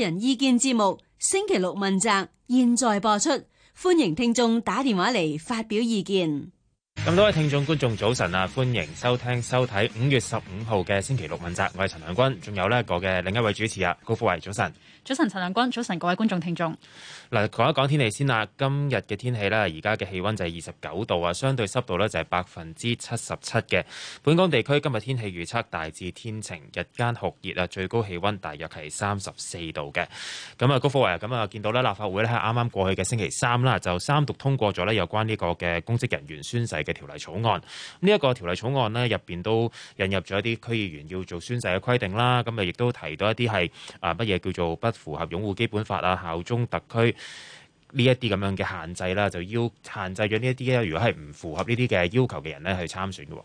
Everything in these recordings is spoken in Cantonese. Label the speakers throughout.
Speaker 1: 人意見節目星期六問責，現在播出，歡迎聽眾打電話嚟發表意見。
Speaker 2: 咁多位聽眾觀眾早晨啊，歡迎收聽收睇五月十五號嘅星期六問責。我係陳良君，仲有呢個嘅另一位主持啊，高富為，早晨。
Speaker 3: 早晨，陳亮君，早晨各位觀眾聽眾。
Speaker 2: 嗱，講一講天氣先啦。今日嘅天氣咧，而家嘅氣溫就係二十九度啊，相對濕度咧就係百分之七十七嘅。本港地區今日天，天氣預測大致天晴，日間酷熱啊，最高氣溫大約係三十四度嘅。咁啊，高科偉啊，咁啊，見到咧立法會咧係啱啱過去嘅星期三啦，就三讀通過咗咧有關呢個嘅公職人員宣誓嘅條例草案。呢一個條例草案咧入邊都引入咗一啲區議員要做宣誓嘅規定啦。咁啊，亦都提到一啲係啊乜嘢叫做不符合擁護基本法啊、效忠特區呢一啲咁樣嘅限制啦，就要限制咗呢一啲咧。如果係唔符合呢啲嘅要求嘅人呢，去參選嘅喎。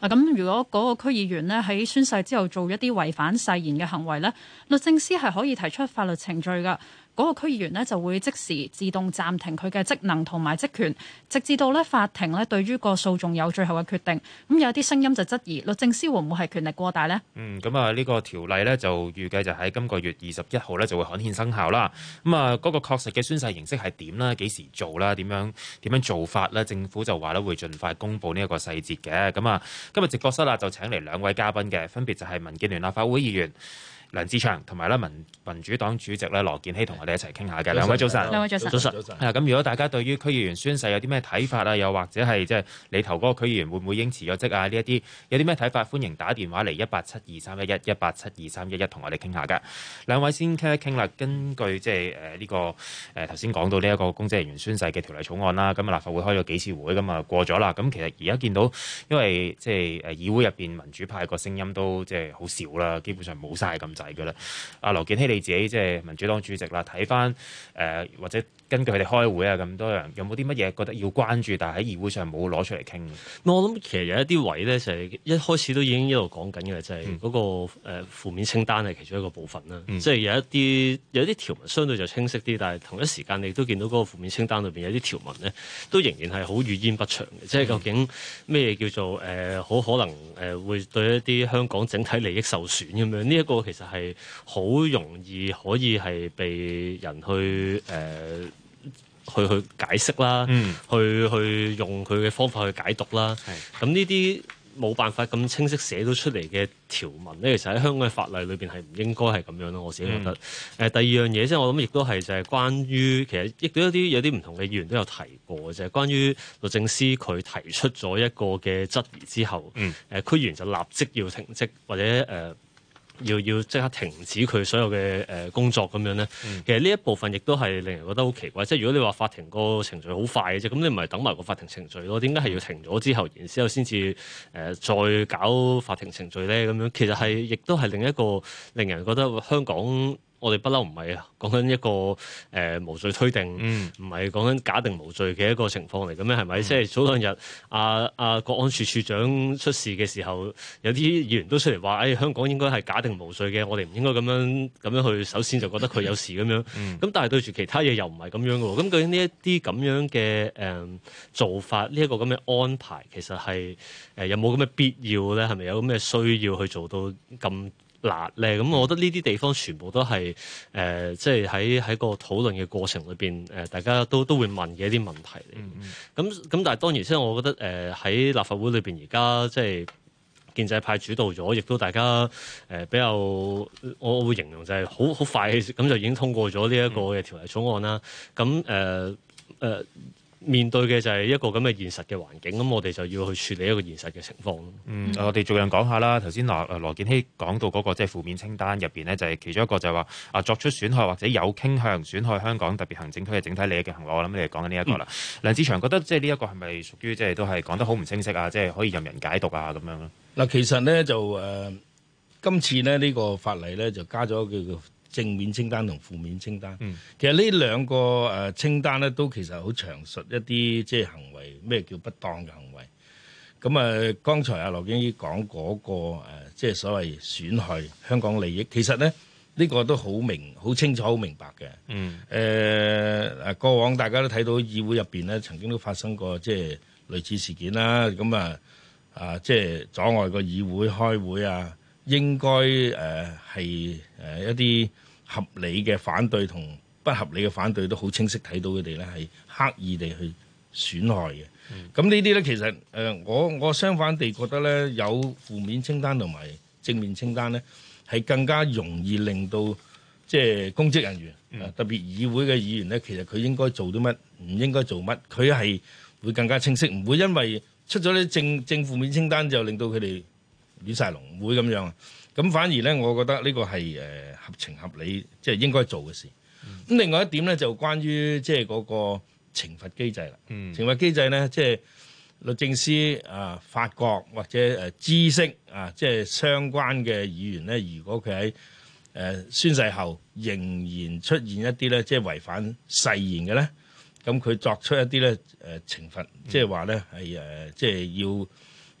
Speaker 3: 嗱，咁如果嗰個區議員咧喺宣誓之後做一啲違反誓言嘅行為呢，律政司係可以提出法律程序噶。嗰、那個區議員呢就會即時自動暫停佢嘅職能同埋職權，直至到呢法庭呢對於個訴訟有最後嘅決定。咁有啲聲音就質疑：「律政司會唔會係權力過大呢？」嗯，
Speaker 2: 咁啊，呢個條例呢，就預計就喺今個月二十一號呢就會刊憲生效啦。咁啊，嗰個確實嘅宣誓形式係點呢？幾時做啦？點樣點樣做法呢？政府就話呢會盡快公布呢一個細節嘅。咁啊，今日直播室啦就請嚟兩位嘉賓嘅，分別就係民建聯立法會議員。梁志祥同埋咧民民主黨主席咧羅健熙同我哋一齊傾下嘅。兩位早晨，兩位早晨，早晨。係啊，咁如果大家對於區議員宣誓有啲咩睇法啊，又或者係即係你頭嗰個區議員會唔會應辭咗職啊？呢一啲有啲咩睇法？歡迎打電話嚟一八七二三一一一八七二三一一同我哋傾下嘅。兩位先傾一傾啦。根據即係誒呢個誒頭先講到呢一個公職人員宣誓嘅條例草案啦，咁啊立法會開咗幾次會，咁啊過咗啦。咁其實而家見到，因為即係誒議會入邊民主派個聲音都即係好少啦，基本上冇晒。咁。就係噶啦，阿羅健熙你自己即係民主黨主席啦，睇翻誒或者。根據佢哋開會啊，咁多人有冇啲乜嘢覺得
Speaker 4: 要關注，但係喺議會上冇攞出嚟傾？我諗其實有一啲位咧，就係、是、一開始都已經一路講緊嘅，就係、是、嗰個誒負面清單係其中一個部分啦。即、嗯、係、就是、有一啲有啲條文相對就清晰啲，但係同一時間你都見到嗰個負面清單裏邊有啲條文咧，都仍然係好語焉不詳嘅。即、就、係、是、究竟咩叫做誒好、呃、可能誒會對一啲香港整體利益受損咁樣？呢、這、一個其實係好容易可以係被人去誒。呃去去解釋啦、嗯，去去用佢嘅方法去解讀啦。咁呢啲冇辦法咁清晰寫到出嚟嘅條文咧，其實喺香港嘅法例裏邊係唔應該係咁樣咯。我自己覺得誒、嗯，第二樣嘢即係我諗，亦都係就係關於其實亦都有一啲有啲唔同嘅議員都有提過嘅啫。就係、關於律政司佢提出咗一個嘅質疑之後，誒、嗯、區議員就立即要停職或者誒。呃要要即刻停止佢所有嘅誒工作咁樣呢？其實呢一部分亦都係令人覺得好奇怪。即係如果你話法庭個程序好快嘅啫，咁你唔係等埋個法庭程序咯？點解係要停咗之後，然之後先至誒再搞法庭程序呢？咁樣其實係亦都係另一個令人覺得香港。我哋不嬲唔係講緊一個誒、呃、無罪推定，唔係講緊假定無罪嘅一個情況嚟嘅咩？係咪？即、嗯、係、就是、早兩日阿阿國安處處長出事嘅時候，有啲議員都出嚟話，誒、哎、香港應該係假定無罪嘅，我哋唔應該咁樣咁樣去，首先就覺得佢有事咁樣。咁、嗯、但係對住其他嘢又唔係咁樣嘅喎。咁究竟呢一啲咁樣嘅誒、嗯、做法，呢、這、一個咁嘅安排，其實係誒、呃、有冇咁嘅必要咧？係咪有咁咩需要去做到咁？嗱咧，咁我覺得呢啲地方全部都係誒，即係喺喺個討論嘅過程裏邊，誒、呃、大家都都會問嘅一啲問題嚟。咁、嗯、咁、嗯，但係當然，即係我覺得誒喺、呃、立法會裏邊，而家即係建制派主導咗，亦都大家誒、呃、比較，我會形容就係好好快咁就已經通過咗呢一個嘅條例草案啦。咁誒誒。面對嘅就係一個咁嘅現實嘅環境，咁我哋就要去處理一個現實嘅情況。嗯，啊、我哋逐樣講下
Speaker 2: 啦。頭先嗱，羅健熙講到嗰個即係負面清單入邊呢，就係、是、其中一個就係話啊，作出損害或者有傾向損害香港特別行政區嘅整體利益嘅行為。我諗你係講緊呢一個啦、嗯。梁志祥覺得即係呢一個係咪屬於即係都係講得好唔清晰啊？即、就、係、是、可以任人解讀啊咁樣咯。
Speaker 5: 嗱，其實呢，就誒、呃，今次咧呢、這個法例呢，就加咗叫做。正面清單同負面清單，其實呢兩個誒、呃、清單咧，都其實好詳述一啲即係行為，咩叫不當嘅行為。咁啊、呃，剛才阿、啊、羅健熙講嗰、那個、呃、即係所謂損害香港利益，其實咧呢、這個都好明、好清楚、好明白嘅。誒、嗯呃、過往大家都睇到議會入邊咧，曾經都發生過即係類似事件啦。咁啊啊，這啊呃、即係阻礙個議會開會啊，應該誒係誒一啲。合理嘅反對同不合理嘅反對都好清晰睇到佢哋咧係刻意地去損害嘅。咁呢啲呢，其實誒我我相反地覺得呢，有負面清單同埋正面清單呢，係更加容易令到即係、就是、公職人員，嗯、特別議會嘅議員呢，其實佢應該做啲乜，唔應該做乜，佢係會更加清晰，唔會因為出咗啲正正負面清單就令到佢哋亂晒龍，唔會咁樣。咁反而咧，我覺得呢個係誒合情合理，即係應該做嘅事。咁、嗯、另外一點咧，就關於即係嗰個懲罰機制啦、嗯。懲罰機制咧，即係律政司啊、法國或者誒知識啊，即係相關嘅議員咧，如果佢喺誒宣誓後仍然出現一啲咧，即係違反誓言嘅咧，咁佢作出一啲咧誒懲罰，即係話咧係誒即係要。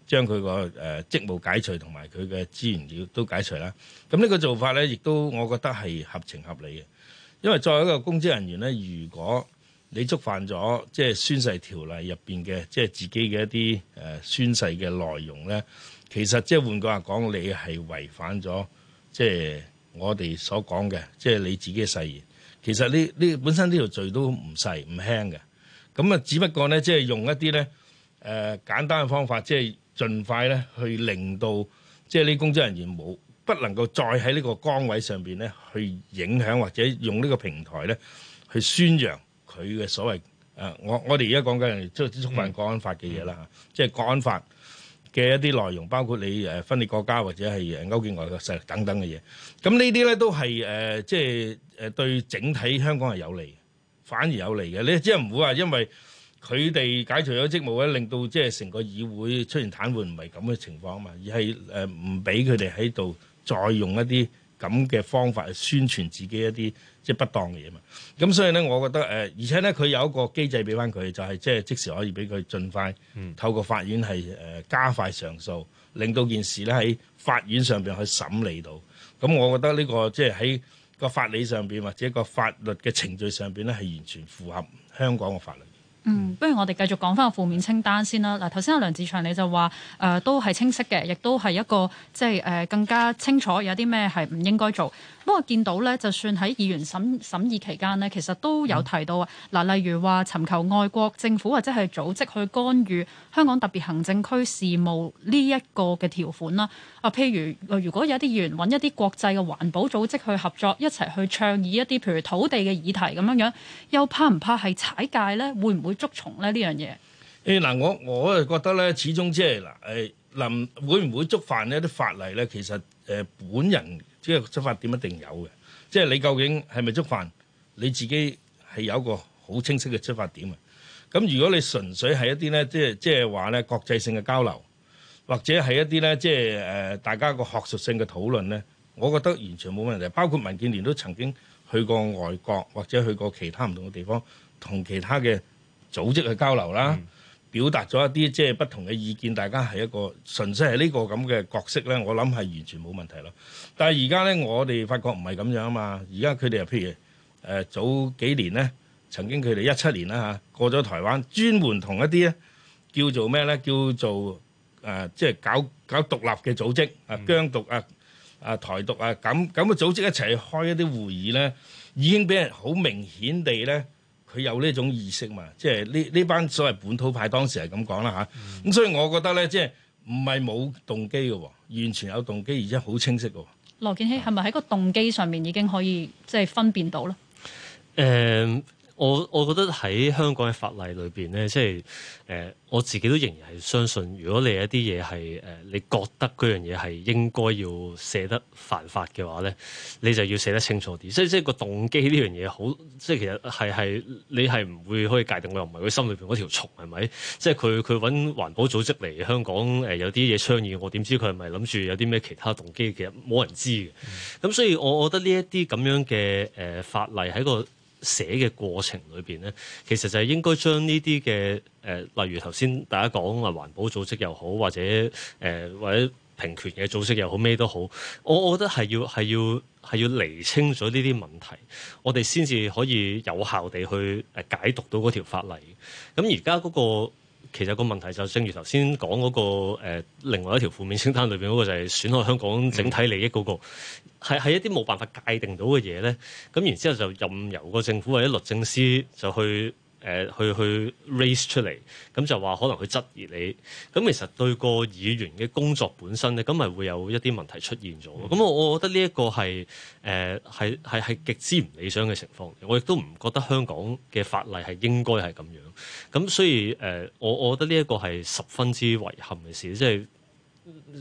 Speaker 5: 將佢個誒職務解除同埋佢嘅資源都解除啦。咁呢個做法呢，亦都我覺得係合情合理嘅。因為作為一個公職人員呢，如果你觸犯咗即係宣誓條例入邊嘅即係自己嘅一啲誒宣誓嘅內容呢，其實即係換句話講，你係違反咗即係我哋所講嘅，即係你自己嘅誓言。其實呢呢本身呢條罪都唔細唔輕嘅。咁啊，只不過呢，即係用一啲呢誒簡單嘅方法，即係。盡快咧，去令到即係呢公職人員冇不能夠再喺呢個崗位上邊咧，去影響或者用呢個平台咧去宣揚佢嘅所謂誒，我我哋而家講緊即係觸犯《國安法》嘅嘢啦，即係《國安法》嘅一啲內容，包括你誒分裂國家或者係勾結外國勢力等等嘅嘢。咁呢啲咧都係誒，即係誒對整體香港係有利，反而有利嘅。你即係唔會話因為，佢哋解除咗職務，咧，令到即係成個議會出現癱瘓，唔係咁嘅情況嘛，而係誒唔俾佢哋喺度再用一啲咁嘅方法去宣傳自己一啲即係不當嘅嘢嘛。咁所以咧，我覺得誒，而且咧，佢有一個機制俾翻佢，就係、是、即係即時可以俾佢盡快、嗯、透過法院係誒加快上訴，令到件事咧喺法院上邊去審理到。咁我覺得呢、這個即係喺個法理上邊或者個法律嘅程序上邊咧，係完全符合香港嘅法律。
Speaker 3: 嗯，不如我哋繼續講翻個負面清單先啦。嗱，頭先阿梁志祥你就話、呃、都係清晰嘅，亦都係一個即係、呃、更加清楚有啲咩係唔應該做。不過見到呢，就算喺議員審審議期間呢，其實都有提到啊。嗱、呃，例如話尋求外國政府或者係組織去干預香港特別行政區事務呢一個嘅條款啦。啊、呃，譬如、呃、如果有啲議員揾一啲國際嘅環保組織去合作一齊去倡議一啲譬如土地嘅議題咁樣樣，又怕唔怕係踩界呢？會唔會？會捉蟲咧？呢樣
Speaker 5: 嘢，誒，嗱、哎，我我係覺得咧，始終即係嗱誒，會會唔會觸犯一啲法例咧？其實誒、呃，本人即係出發點一定有嘅。即係你究竟係咪觸犯，你自己係有一個好清晰嘅出發點啊。咁如果你純粹係一啲咧，即係即係話咧國際性嘅交流，或者係一啲咧，即係誒、呃、大家個學術性嘅討論咧，我覺得完全冇乜問題。包括民建聯都曾經去過外國或者去過其他唔同嘅地方，同其他嘅。組織去交流啦、嗯，表達咗一啲即係不同嘅意見，大家係一個純粹係呢個咁嘅角色咧，我諗係完全冇問題咯。但係而家咧，我哋發覺唔係咁樣啊嘛。而家佢哋啊，譬如誒、呃、早幾年咧，曾經佢哋一七年啦嚇、啊、過咗台灣，專門同一啲咧叫做咩咧，叫做誒、呃、即係搞搞獨立嘅組織、嗯、啊，疆獨啊啊台獨啊，咁咁嘅組織一齊開一啲會議咧，已經俾人好明顯地咧。佢有呢種意識嘛，即係呢呢班所謂本土派當時係咁講啦吓，咁、嗯啊、所以我覺得咧，即係唔係冇動機嘅，完全有動機，而且好清晰。
Speaker 3: 羅健熙係咪喺個動機上面已經可以即係、就是、分辨到
Speaker 4: 咧？誒、嗯。我我覺得喺香港嘅法例裏邊咧，即係誒、呃、我自己都仍然係相信，如果你有一啲嘢係誒，你覺得嗰樣嘢係應該要寫得犯法嘅話咧，你就要寫得清楚啲。即係即係個動機呢樣嘢好，即係其實係係你係唔會可以界定，我又唔係佢心裏邊嗰條蟲係咪？即係佢佢搵環保組織嚟香港誒、呃，有啲嘢倡議，我點知佢係咪諗住有啲咩其他動機？其實冇人知嘅。咁、嗯、所以我覺得呢一啲咁樣嘅誒、呃、法例喺個寫嘅過程裏邊咧，其實就係應該將呢啲嘅誒，例如頭先大家講話環保組織又好，或者誒、呃、或者平權嘅組織又好咩都好，我我覺得係要係要係要釐清咗呢啲問題，我哋先至可以有效地去誒解讀到嗰條法例。咁而家嗰個。其實個問題就正如頭先講嗰個誒另外一條負面清單裏面嗰個就係損害香港整體利益嗰個，係係一啲冇辦法界定到嘅嘢咧。咁然之後就任由個政府或者律政司就去。誒、呃、去去 raise 出嚟，咁就話可能去質疑你，咁其實對個議員嘅工作本身咧，咁咪會有一啲問題出現咗。咁我我覺得呢一個係誒係係係極之唔理想嘅情況，我亦都唔覺得香港嘅法例係應該係咁樣，咁所以誒、呃、我我覺得呢一個係十分之遺憾嘅事，即係。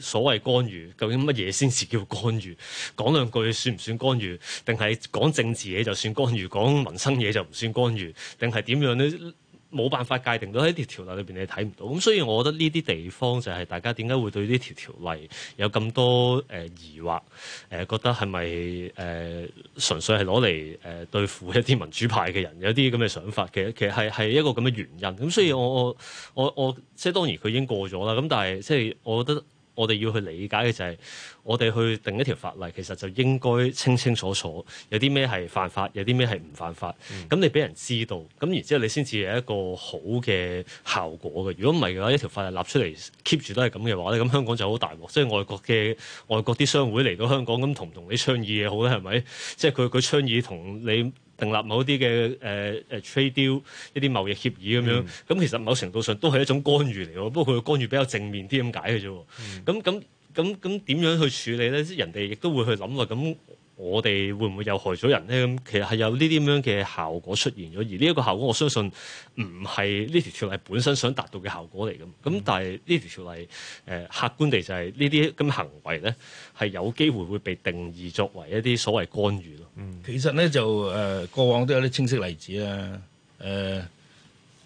Speaker 4: 所謂干預究竟乜嘢先至叫干預？講兩句算唔算干預？定係講政治嘢就算干預，講民生嘢就唔算干預？定係點樣咧？冇辦法界定，在這到喺條條例裏邊你睇唔到。咁、呃呃、所以我我我，我覺得呢啲地方就係大家點解會對呢條條例有咁多誒疑惑？誒覺得係咪誒純粹係攞嚟誒對付一啲民主派嘅人？有啲咁嘅想法嘅，其實係係一個咁嘅原因。咁所以，我我我我即係當然佢已經過咗啦。咁但係即係我覺得。我哋要去理解嘅就係，我哋去定一條法例，其實就應該清清楚楚，有啲咩係犯法，有啲咩係唔犯法。咁、嗯、你俾人知道，咁然之後你先至有一個好嘅效果嘅。如果唔係嘅話，一條法例立出嚟，keep 住都係咁嘅話咧，咁香港就好大鑊。即係外國嘅外國啲商會嚟到香港，咁同唔同你倡議嘢好咧，係咪？即係佢佢倡議同你。訂立某啲嘅誒誒 trade deal 一啲貿易協議咁樣，咁、嗯、其實某程度上都係一種干預嚟喎，不過佢嘅干預比較正面啲咁解嘅啫。咁咁咁咁點樣去處理咧？即係人哋亦都會去諗啦咁。我哋會唔會又害咗人呢？咁其實係有呢啲咁樣嘅效果出現咗，而呢一個效果，我相信唔係呢條條例本身想達到嘅效果嚟嘅。咁、嗯、但係呢條條例，誒，客觀地就係呢啲咁行為咧，係有機會會被定義作為一啲所謂干預咯。嗯、
Speaker 5: 其實咧就誒、呃，過往都有啲清晰例子啊。誒、呃、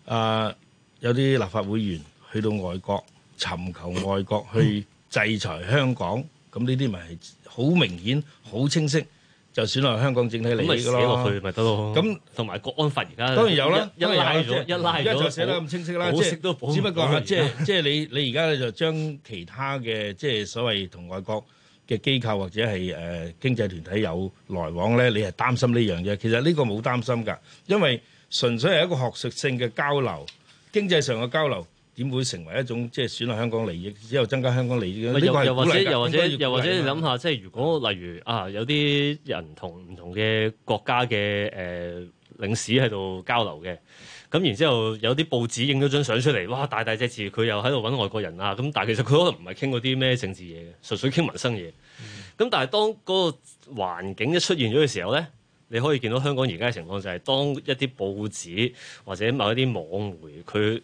Speaker 5: 啊、呃，有啲立法會員去到外國，尋求外國去制裁香港。嗯嗯。咁呢啲咪好明顯、好清晰，就算落香港整體嚟寫落去，咪得咯。咁同埋國安法而家當然有啦，一拉咗，一拉咗。保釋都保唔到。只不過啊，即係即係你你而家咧就將其他嘅即係所謂同外國嘅機構或者係誒經濟團體有來往咧，你係擔心呢樣嘢。其實呢個冇擔心㗎，因為純粹係一個學術性嘅交流、經濟上嘅交流。點會成為一種即係損害香港利益，之後增加香港利益？又，又或者又或者又或者
Speaker 4: 你諗下，即係如果例如啊，有啲人不同唔同嘅國家嘅誒、呃、領事喺度交流嘅，咁然之後有啲報紙影咗張相出嚟，哇！大大隻字，佢又喺度揾外國人啊，咁但係其實佢可能唔係傾嗰啲咩政治嘢嘅，純粹傾民生嘢。咁、嗯、但係當嗰個環境一出現咗嘅時候咧，你可以見到香港而家嘅情況就係，當一啲報紙或者某一啲網媒佢，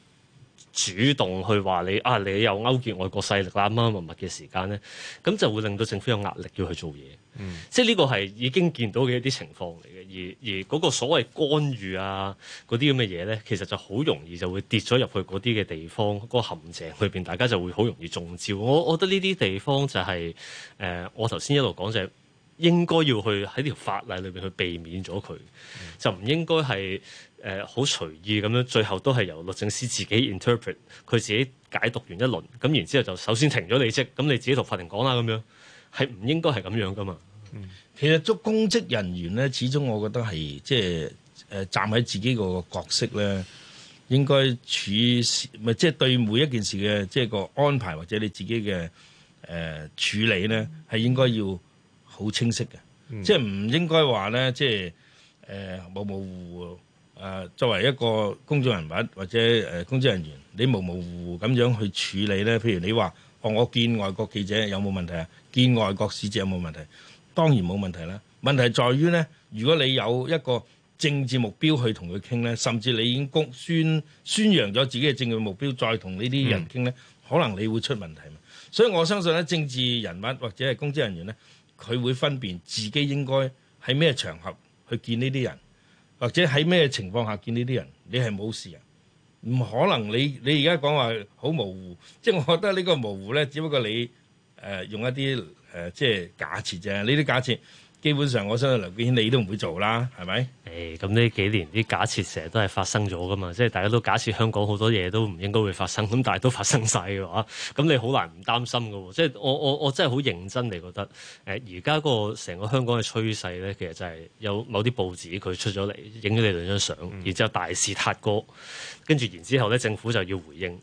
Speaker 4: 主動去話你啊，你又勾結外國勢力啦，啱啱密密嘅時間咧，咁就會令到政府有壓力要去做嘢。嗯，即係呢個係已經見到嘅一啲情況嚟嘅。而而嗰個所謂干預啊，嗰啲咁嘅嘢咧，其實就好容易就會跌咗入去嗰啲嘅地方、嗰個陷阱裏面，大家就會好容易中招。我我覺得呢啲地方就係、是呃、我頭先一路講就係、是。應該要去喺條法例裏邊去避免咗佢，就唔應該係誒好隨意咁樣，最後都係由律政司自己 interpret 佢自己解讀完一輪，咁然之後就首先停咗你職，咁你自己同法庭講啦，咁樣
Speaker 5: 係唔應該係咁樣噶嘛、嗯？其實做公職人員咧，始終我覺得係即係誒站喺自己個角色咧，應該處事，唔係即係對每一件事嘅即係個安排或者你自己嘅誒、呃、處理咧，係應該要。好清晰嘅、嗯，即係唔應該話呢，即係、呃、模模糊糊、呃、作為一個公眾人物或者誒公職人員，你模模糊糊咁樣去處理呢？譬如你話哦，我見外國記者有冇問題啊？見外國使者有冇問題？當然冇問題啦。問題在於呢：如果你有一個政治目標去同佢傾呢，甚至你已經公宣宣揚咗自己嘅政治目標，再同呢啲人傾呢，可能你會出問題。所以我相信呢政治人物或者係公職人員呢。佢會分辨自己應該喺咩場合去見呢啲人，或者喺咩情況下見呢啲人，你係冇事啊。唔可能你你而家講話好模糊，即係我覺得呢個模糊呢，只不過你誒、呃、用一啲誒、呃、即係假設啫，呢啲假設。基本上，我相信梁君彥你都唔會做啦，係咪？
Speaker 4: 咁、哎、呢幾年啲假設成日都係發生咗噶嘛，即係大家都假設香港好多嘢都唔應該會發生，咁但係都發生晒嘅話，咁你好難唔擔心嘅喎，即係我我我真係好認真你覺得，而家個成個香港嘅趨勢咧，其實就係有某啲報紙佢出咗嚟影咗你兩張相、嗯，然之後大肆撻過，跟住然之後咧政府就要回應，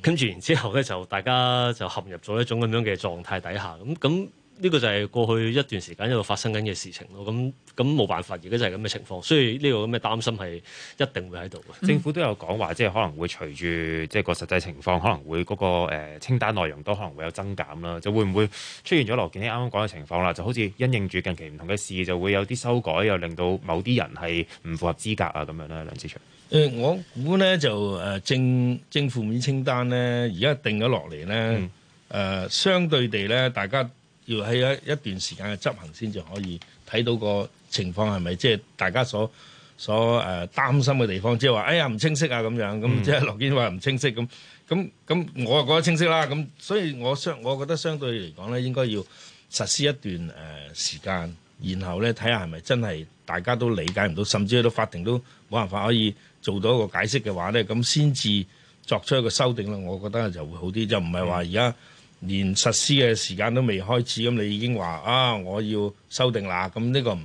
Speaker 4: 跟住然之後咧就大家就陷入咗一種咁樣嘅狀態底下，咁咁。呢、這個就係過去一段時間一路發生緊嘅事情咯，咁咁冇辦法，而家就係咁嘅情況，所以呢個咁嘅擔心係一定會喺度、嗯、
Speaker 2: 政府都有講話，即係可能會隨住即係個實際情況，可能會嗰、那個、呃、清單內容都可能會有增減啦。就會唔會出現咗羅健熙啱啱講嘅情況啦？就好似因應住近期唔同嘅事，就會有啲修改，又令到某啲人係唔符合資格啊咁樣啦。梁志祥，
Speaker 5: 誒、呃、我估咧就誒正正負面清單咧，而家定咗落嚟咧，誒、嗯呃、相對地咧，大家。要喺一一段時間嘅執行先至可以睇到個情況係咪即係大家所所誒、呃、擔心嘅地方，即係話哎呀唔清晰啊咁樣，咁、嗯、即係羅健熙話唔清晰咁，咁咁我又覺得清晰啦。咁所以我相，我覺得相對嚟講咧，應該要實施一段誒、呃、時間，然後咧睇下係咪真係大家都理解唔到，甚至喺到法庭都冇辦法可以做到一個解釋嘅話咧，咁先至作出一個修訂啦。我覺得就會好啲，就唔係話而家。嗯連實施嘅時間都未開始，咁你已經話啊，我要修訂啦，咁、這、呢個唔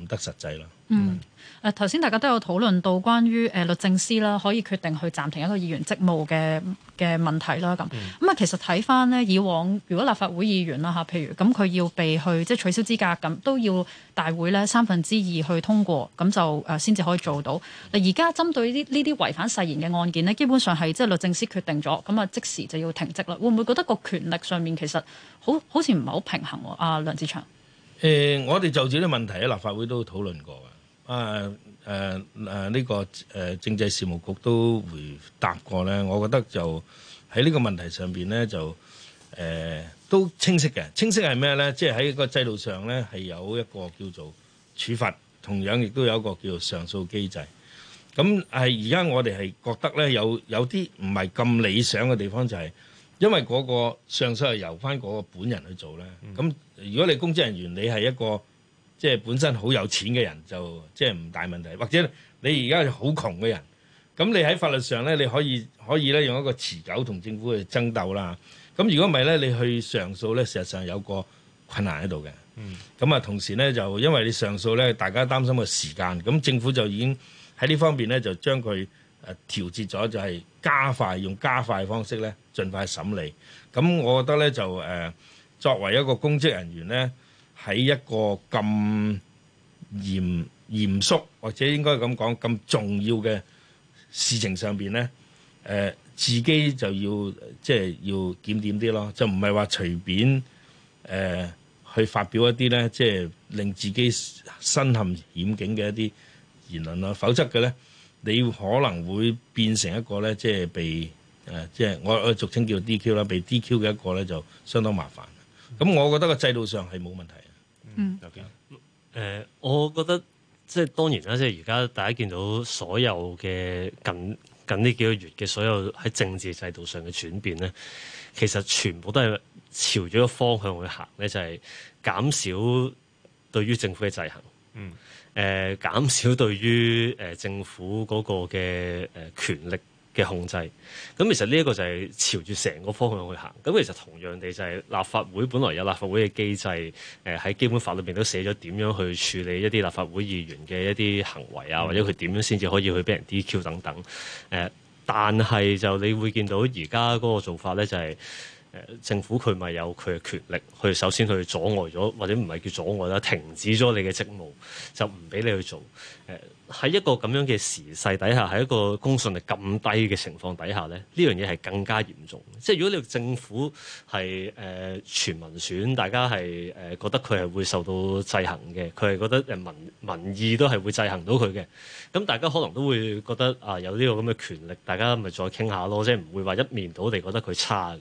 Speaker 5: 唔得實際啦。嗯。
Speaker 3: 誒頭先大家都有討論到關於誒、呃、律政司啦，可以決定去暫停一個議員職務嘅嘅問題啦。咁咁啊，其實睇翻咧，以往如果立法會議員啦嚇、啊，譬如咁佢要被去即係取消資格咁，都要大會咧三分之二去通過咁就誒先至可以做到。而、嗯、家針對呢啲違反誓言嘅案件呢，基本上係即係律政司決定咗，咁啊即時就要停職啦。會唔會覺得個權力上面其實好好似唔係好平衡？阿、啊、梁志祥
Speaker 5: 誒、呃，我哋就住呢個問題喺立法會都討論過。啊誒誒呢個誒政制事務局都回答過咧，我覺得就喺呢個問題上邊咧就誒都清晰嘅，清晰係咩咧？即係喺個制度上咧係有一個叫做處罰，同樣亦都有一個叫做上訴機制。咁係而家我哋係覺得咧有有啲唔係咁理想嘅地方，就係因為嗰個上訴係由返嗰個本人去做咧。咁如果你公職人員，你係一個。即係本身好有錢嘅人就即係唔大問題，或者你而家係好窮嘅人，咁你喺法律上咧你可以可以咧用一個持久同政府嘅爭鬥啦。咁如果唔係咧，你去上訴咧，事實上有個困難喺度嘅。嗯，咁啊，同時咧就因為你上訴咧，大家擔心個時間，咁政府就已經喺呢方面咧就將佢誒調節咗，就係加快用加快方式咧，盡快審理。咁我覺得咧就誒、呃、作為一個公職人員咧。喺一個咁嚴嚴肅或者應該咁講，咁重要嘅事情上邊咧，誒、呃、自己就要、呃、即係要檢點啲咯，就唔係話隨便誒、呃、去發表一啲咧，即係令自己身陷險境嘅一啲言論啦。否則嘅咧，你可能會變成一個咧，即係被誒、呃、即係我我俗稱叫 DQ 啦，被 DQ 嘅一個咧就相當麻煩。咁我覺得個制度上係冇問題。嗯，有 k、呃、我覺得即係當然啦，即
Speaker 4: 係而家大家見到所有嘅近近呢幾個月嘅所有喺政治制度上嘅轉變咧，其實全部都係朝咗個方向去行咧，就係、是、減少對於政府嘅制衡。嗯，誒、呃，減少對於誒、呃、政府嗰個嘅誒、呃、權力。嘅控制，咁其實呢一個就係朝住成個方向去行。咁其實同樣地就係立法會本來有立法會嘅機制，誒、呃、喺基本法裏邊都寫咗點樣去處理一啲立法會議員嘅一啲行為啊，或者佢點樣先至可以去俾人 DQ 等等。誒、呃，但係就你會見到而家嗰個做法呢，就係、是呃、政府佢咪有佢嘅權力去首先去阻礙咗，或者唔係叫阻礙啦，停止咗你嘅職務，就唔俾你去做誒。呃喺一個咁樣嘅時勢底下，喺一個公信力咁低嘅情況底下咧，呢樣嘢係更加嚴重。即係如果你政府係誒、呃、全民選，大家係誒、呃、覺得佢係會受到制衡嘅，佢係覺得誒民民意都係會制衡到佢嘅。咁大家可能都會覺得啊，有呢個咁嘅權力，大家咪再傾下咯，即係唔會話一面倒地覺得佢差嘅。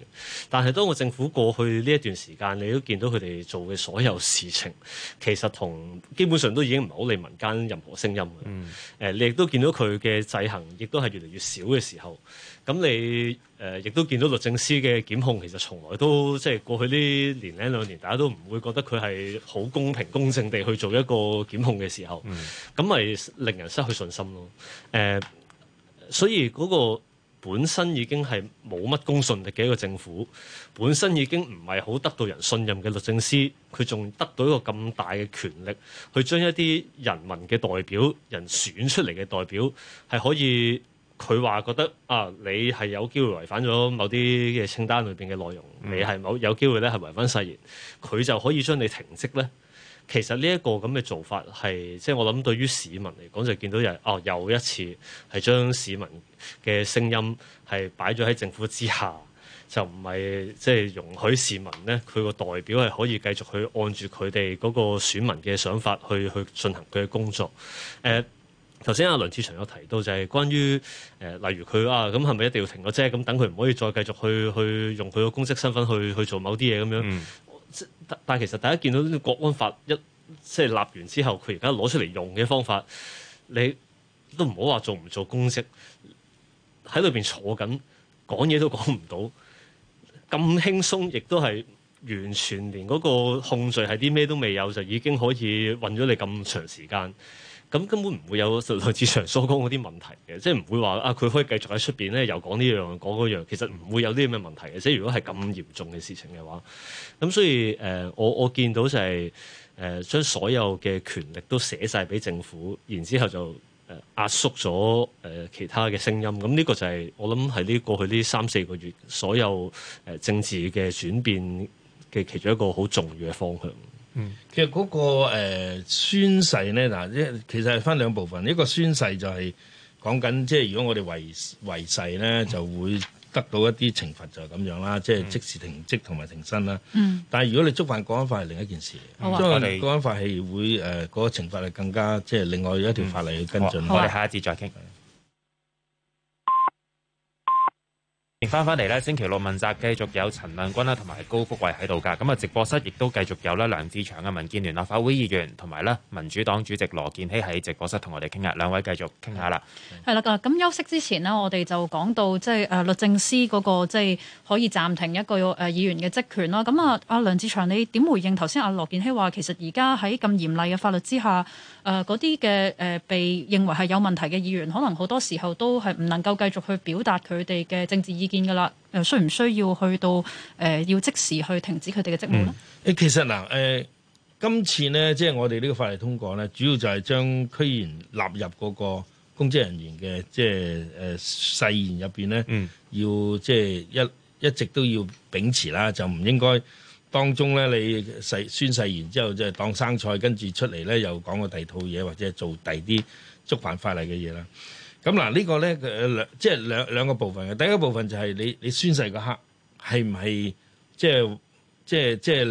Speaker 4: 但係當個政府過去呢一段時間，你都見到佢哋做嘅所有事情，其實同基本上都已經唔係好理民間任何聲音嘅。誒、嗯，你亦都見到佢嘅制衡，亦都係越嚟越少嘅時候。咁你誒，亦都見到律政司嘅檢控，其實從來都即係過去呢年呢兩年，大家都唔會覺得佢係好公平公正地去做一個檢控嘅時候，咁咪令人失去信心咯。誒，所以嗰、那個。本身已經係冇乜公信力嘅一個政府，本身已經唔係好得到人信任嘅律政司，佢仲得到一個咁大嘅權力，去將一啲人民嘅代表人選出嚟嘅代表，係可以佢話覺得啊，你係有機會違反咗某啲嘅清單裏邊嘅內容，你係冇有機會咧係違反誓言，佢就可以將你停職呢。其實呢一個咁嘅做法係，即係我諗對於市民嚟講就見到又哦，又一次係將市民嘅聲音係擺咗喺政府之下，就唔係即係容許市民呢，佢個代表係可以繼續去按住佢哋嗰個選民嘅想法去去進行佢嘅工作。誒頭先阿梁志祥有提到就係關於誒、呃，例如佢啊，咁係咪一定要停咗啫？咁等佢唔可以再繼續去去用佢個公職身份去去做某啲嘢咁樣。嗯。但係其實大家見到呢個國安法，一即係立完之後，佢而家攞出嚟用嘅方法，你都唔好話做唔做公職。喺裏邊坐緊講嘢都講唔到，咁輕鬆，亦都係完全連嗰個控罪係啲咩都未有，就已經可以韞咗你咁長時間。咁根本唔會有來自長沙講嗰啲問題嘅，即係唔會話啊佢可以繼續喺出邊咧又講呢樣講嗰樣，其實唔會有啲咁嘅問題嘅。即係如果係咁嚴重嘅事情嘅話，咁所以誒，我我見到就係誒將所有嘅權力都寫晒俾政府，然之後就誒壓縮咗誒其他嘅聲音。咁、這、呢個就係我諗係呢過去呢三四個月所有誒政治嘅轉變嘅其中一個好重要嘅
Speaker 5: 方向。嗯、其實嗰、那個、呃、宣誓咧嗱，一其實係分兩部分。一個宣誓就係講緊，即、就、係、是、如果我哋違違誓咧、嗯，就會得到一啲懲罰就，就係咁樣啦。即係即時停職同埋停薪啦。嗯。但係如果你觸犯《公安法國安法》係另一件事。好、嗯、啊。因為《國安法》係會誒嗰個懲罰係更加即係、就是、另外一條法例去跟進。嗯啊、我哋下
Speaker 2: 一節再傾。翻翻嚟咧，星期六問責繼續有陳亮君啦，同埋高福慧喺度噶。咁啊，直播室亦都繼續有啦，梁志祥啊，民建聯立法會議員，同埋咧民主黨主席羅建熙喺直播室同我哋傾下。兩位繼續傾下啦。
Speaker 3: 係啦，咁休息之前咧，我哋就講到即係律政司嗰個即係可以暫停一個誒議員嘅職權啦。咁啊，阿梁志祥，你點回應頭先阿羅建熙話，其實而家喺咁嚴厲嘅法律之下，誒嗰啲嘅誒被認為係有問題嘅議員，可能好多時候都係唔能夠繼續去表達佢哋嘅政治意見噶啦，又需唔需要去到誒、呃、要即時去停止佢哋嘅職務
Speaker 5: 咧？誒、嗯、其實嗱誒、呃，今次呢，即係我哋呢個法例通過咧，主要就係將區議員納入嗰個公職人員嘅即係誒、呃、誓言入邊咧，要即係一一直都要秉持啦，就唔應該當中咧你宣誓完之後即係當生菜，跟住出嚟咧又講個第二套嘢，或者做第二啲觸犯法例嘅嘢啦。咁嗱，呢個咧，即係兩兩個部分嘅。第一個部分就係你你宣誓嗰刻係唔係，即係即係即係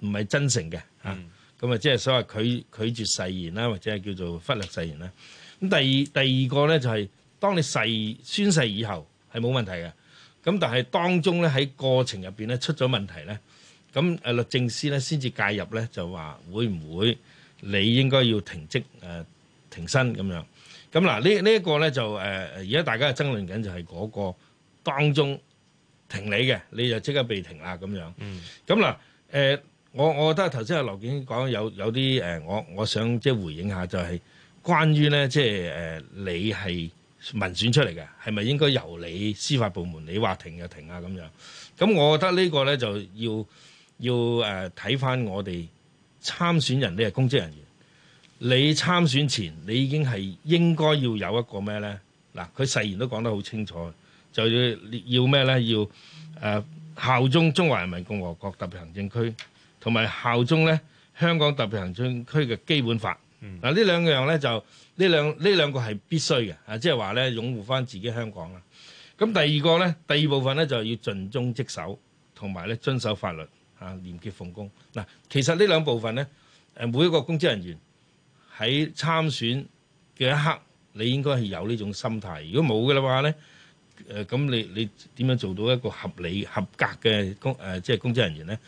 Speaker 5: 你唔係真誠嘅嚇，咁啊即係所謂拒拒絕誓言啦，或者係叫做忽略誓言啦。咁第二第二個咧就係、是，當你誓宣誓以後係冇問題嘅，咁但係當中咧喺過程入邊咧出咗問題咧，咁誒律政司咧先至介入咧就話會唔會你應該要停職、呃、停薪咁樣。咁、這、嗱、個，呢呢一個咧就誒而家大家爭論緊就係嗰個當中停你嘅，你就即刻被停啦咁樣嗯，咁嗱，誒、呃、我我覺得頭先阿羅健熙講有有啲誒、呃、我我想即係回應一下就係關於咧，即係誒你係民選出嚟嘅，係咪應該由你司法部門你話停就停啊？咁樣，咁、嗯、我覺得呢個咧就要要誒睇翻我哋參選人你係公職人員。你參選前，你已經係應該要有一個咩呢？嗱，佢誓言都講得好清楚，就要要咩呢？要誒、呃、效忠中華人民共和國特別行政區，同埋效忠咧香港特別行政區嘅基本法。嗱、嗯，呢、啊、兩樣呢，就呢兩呢兩個係必須嘅啊，即係話咧擁護翻自己香港啦。咁第二個呢，第二部分呢，就要盡忠職守，同埋咧遵守法律啊，廉潔奉公嗱、啊。其實呢兩部分呢，誒每一個公職人員。喺參選嘅一刻，你應該係有呢種心態。如果冇嘅咧話咧，誒咁你你點樣做到一個合理合格嘅公誒即係公職人員咧？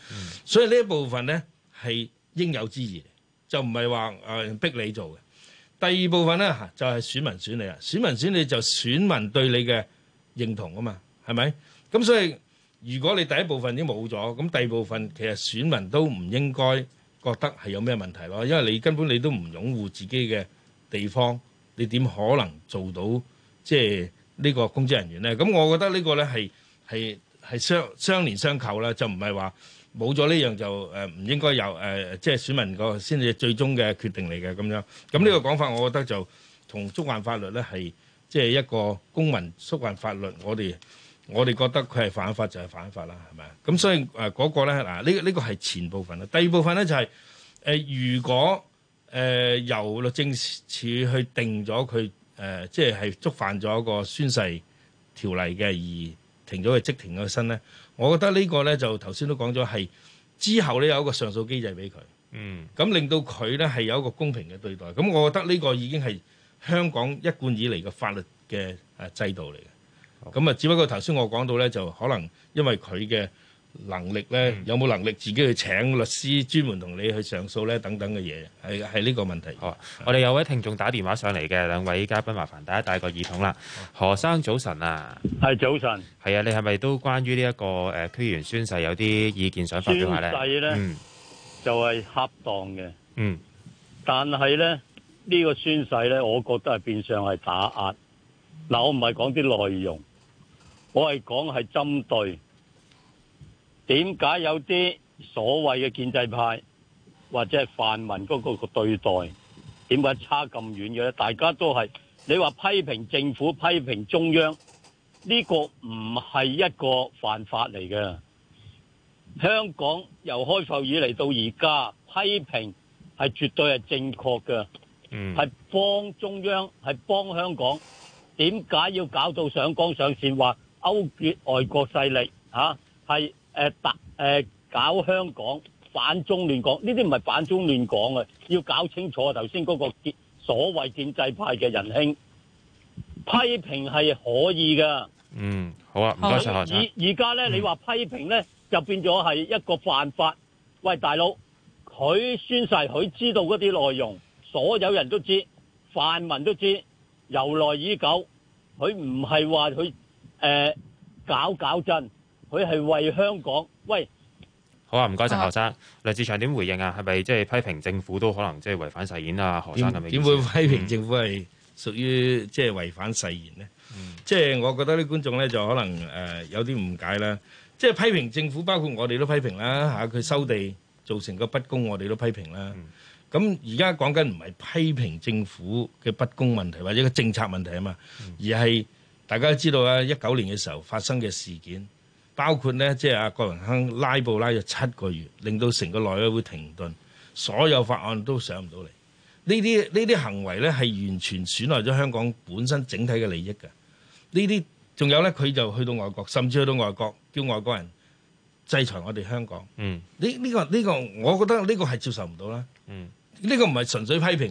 Speaker 5: 所以呢一部分咧係應有之義，就唔係話誒逼你做嘅。第二部分咧就係選民選你啦，選民選你就選民對你嘅認同啊嘛，係咪？咁所以如果你第一部分已經冇咗，咁第二部分其實選民都唔應該。覺得係有咩問題咯？因為你根本你都唔擁護自己嘅地方，你點可能做到，即係呢、這個公職人員呢？咁我覺得呢個呢係係係相相連相扣啦，就唔係話冇咗呢樣就誒唔、呃、應該有誒、呃，即係選民個先至最終嘅決定嚟嘅咁樣。咁呢個講法，我覺得就同觸犯法律呢係即係一個公民觸犯法律，我哋。我哋覺得佢係犯法就係犯法啦，係咪？咁所以誒嗰個咧嗱，呢個呢個係前部分啦。第二部分咧就係誒，如果誒由律政處去定咗佢誒，即係係觸犯咗個宣誓條例嘅而停咗佢即停咗嘅身咧，我覺得這個呢個咧就頭先都講咗係之後咧有一個上訴機制俾佢，嗯，咁令到佢咧係有一個公平嘅對待。咁我覺得呢個已經係香港一貫以嚟嘅法律嘅誒制度嚟嘅。咁啊，只不過頭先我講到咧，就可能因為佢嘅能力咧、嗯，有冇能力自己去請律師專門同你去上訴咧，等等嘅嘢，係係呢個問題。好，
Speaker 2: 我哋有位聽眾打電話上嚟嘅，兩位嘉賓，麻煩大家戴個耳筒啦。何生早晨啊，係早晨。係啊，你係咪都關於呢一個誒區議員宣誓有啲意見想發表下呢？呢嗯、
Speaker 1: 就係、是、恰當嘅。
Speaker 2: 嗯。
Speaker 1: 但係咧，呢、呢個宣誓咧，我覺得係變相係打壓。嗱、啊，我唔係講啲內容。我係講係針對點解有啲所謂嘅建制派或者係泛民嗰個個對待點解差咁遠嘅咧？大家都係你話批評政府批評中央，呢個唔係一個犯法嚟嘅。香港由開埠以嚟到而家批評係絕對係正確嘅，係、嗯、幫中央係幫香港。點解要搞到上綱上線話？勾結外國勢力嚇，係誒搭誒搞香港反中亂港，呢啲唔係反中亂港嘅，要搞清楚啊。頭先嗰個建所謂建制派嘅仁兄批評係可以㗎，嗯
Speaker 2: 好啊，唔該曬，而
Speaker 1: 而家咧？你話批評咧，就變咗係一個犯法。喂大，大佬，佢宣誓，佢知道嗰啲內容，所有人都知，泛民都知，由來已久，佢唔係話佢。誒、嗯，搞搞震，佢係為香港
Speaker 2: 喂。好啊，唔該晒。何生，梁志祥點回應
Speaker 5: 啊？係咪即係批評政府都可能即係違反誓言啊？何生咁嘅意思？點會批評政府係屬於即係違反誓言呢？嗯嗯、即係我覺得啲觀眾咧就可能誒、呃、有啲誤解啦。即係批評政府，包括我哋都批評啦吓，佢、啊、收地造成個不公，我哋都批評啦。咁而家講緊唔係批評政府嘅不公問題或者個政策問題啊嘛，嗯、而係。大家都知道啊，一九年嘅時候發生嘅事件，包括咧，即係阿郭榮鏗拉布拉咗七個月，令到成個內委會停頓，所有法案都上唔到嚟。呢啲呢啲行為咧係完全損害咗香港本身整體嘅利益嘅。呢啲仲有咧，佢就去到外國，甚至去到外國，叫外國人制裁我哋香港。嗯，呢、呢、呢個呢、呢個，我覺得呢個係接受唔到啦。嗯，呢個唔係純粹批評。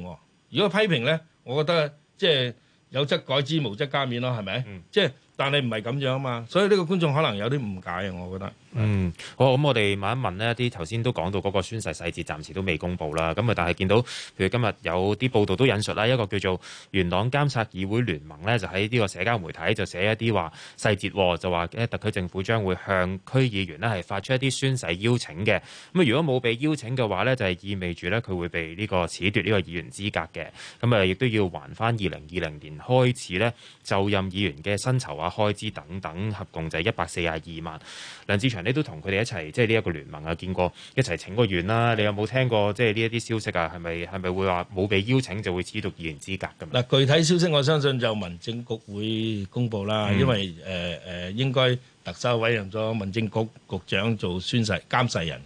Speaker 5: 如果批評咧，我覺得即係。有則改之，無則加勉咯，係咪？嗯、即係，但係唔係咁樣啊嘛，所以呢個觀眾可能有啲誤解啊，我覺得。
Speaker 2: 嗯，好，咁我哋問一問呢啲頭先都講到嗰個宣誓細節，暫時都未公布啦。咁啊，但係見到，譬如今日有啲報道都引述啦，一個叫做元朗監察議會聯盟呢就喺呢個社交媒體就寫一啲話細節，就話咧特區政府將會向區議員呢係發出一啲宣誓邀請嘅。咁啊，如果冇被邀請嘅話呢就係、是、意味住呢，佢會被呢個褫奪呢個議員資格嘅。咁啊，亦都要還翻二零二零年開始呢就任議員嘅薪酬啊、開支等等，合共就係一百四十二萬。梁志祥。你都同佢哋一齊，即係呢一個聯盟啊，見過一齊請過願啦、啊。你有冇聽過即係呢一啲消息啊？係咪係咪會話冇被邀請就會褫奪議員資格？
Speaker 5: 嗱，具體消息我相信就民政局會公布啦，嗯、因為誒誒、呃、應該特首委任咗民政局局長做宣誓監誓人。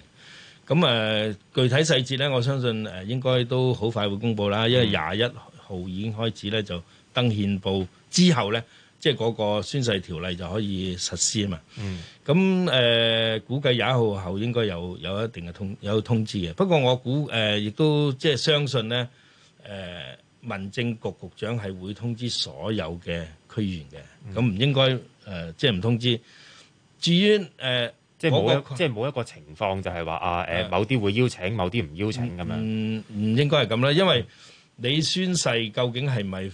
Speaker 5: 咁誒、呃，具體細節咧，我相信誒應該都好快會公布啦，嗯、因為廿一號已經開始咧就登憲報之後咧。即係嗰個宣誓條例就可以實施啊嘛。嗯。咁誒、呃，估計廿號後應該有有一定嘅通有通知嘅。不過我估誒，亦、呃、都即係相信咧，誒、呃、民政局局長係會通知所有嘅區議員嘅。咁、嗯、唔應該誒、呃，即係唔通知。至於誒、呃，即係冇一、嗰個、即係冇一個情況，就係話啊誒、呃呃，某啲會邀請，某啲唔邀請咁、嗯、樣。唔應該係咁啦，因為你宣誓究竟係咪誒